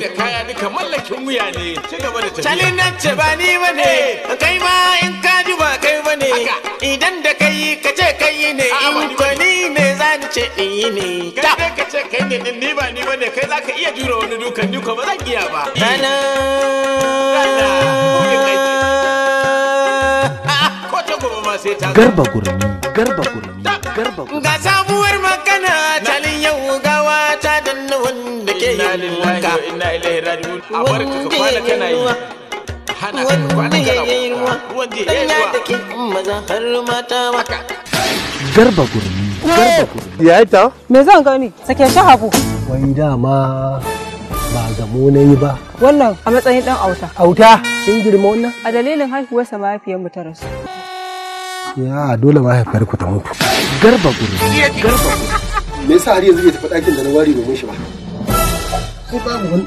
kai da kaya duka mallakin wuya ne ci gaba da tafiya calin nan ce ba ni bane eh. kai ma in ka ji ba kai bane idan da kai ka ce kai ne in ko ni ne za ni ce in yi ne kai ka ce kai ne din ni ba ni bane kai za ka iya jura wani dukan ni ko ba zan iya ba rana garba gurmi garba gurmi garba gurmi ga sabuwar magana wanda ke yin wanka wanda ya yi ruwa, wanda ya yi ruwa da ke maza har mata maka garba gurmi garba eh, gurmi ya ta me zan gani sake shi hagu wai dama ba gamo na yi ba wannan a matsayin dan auta auta kin girma wannan a dalilin haihuwarsa mahaifiyar mu ta rasu ya dole mahaifiyar ku ta mutu garba gurmi garba gurmi me yasa har yanzu bai tafi ɗakin da na wari domin shi ba cái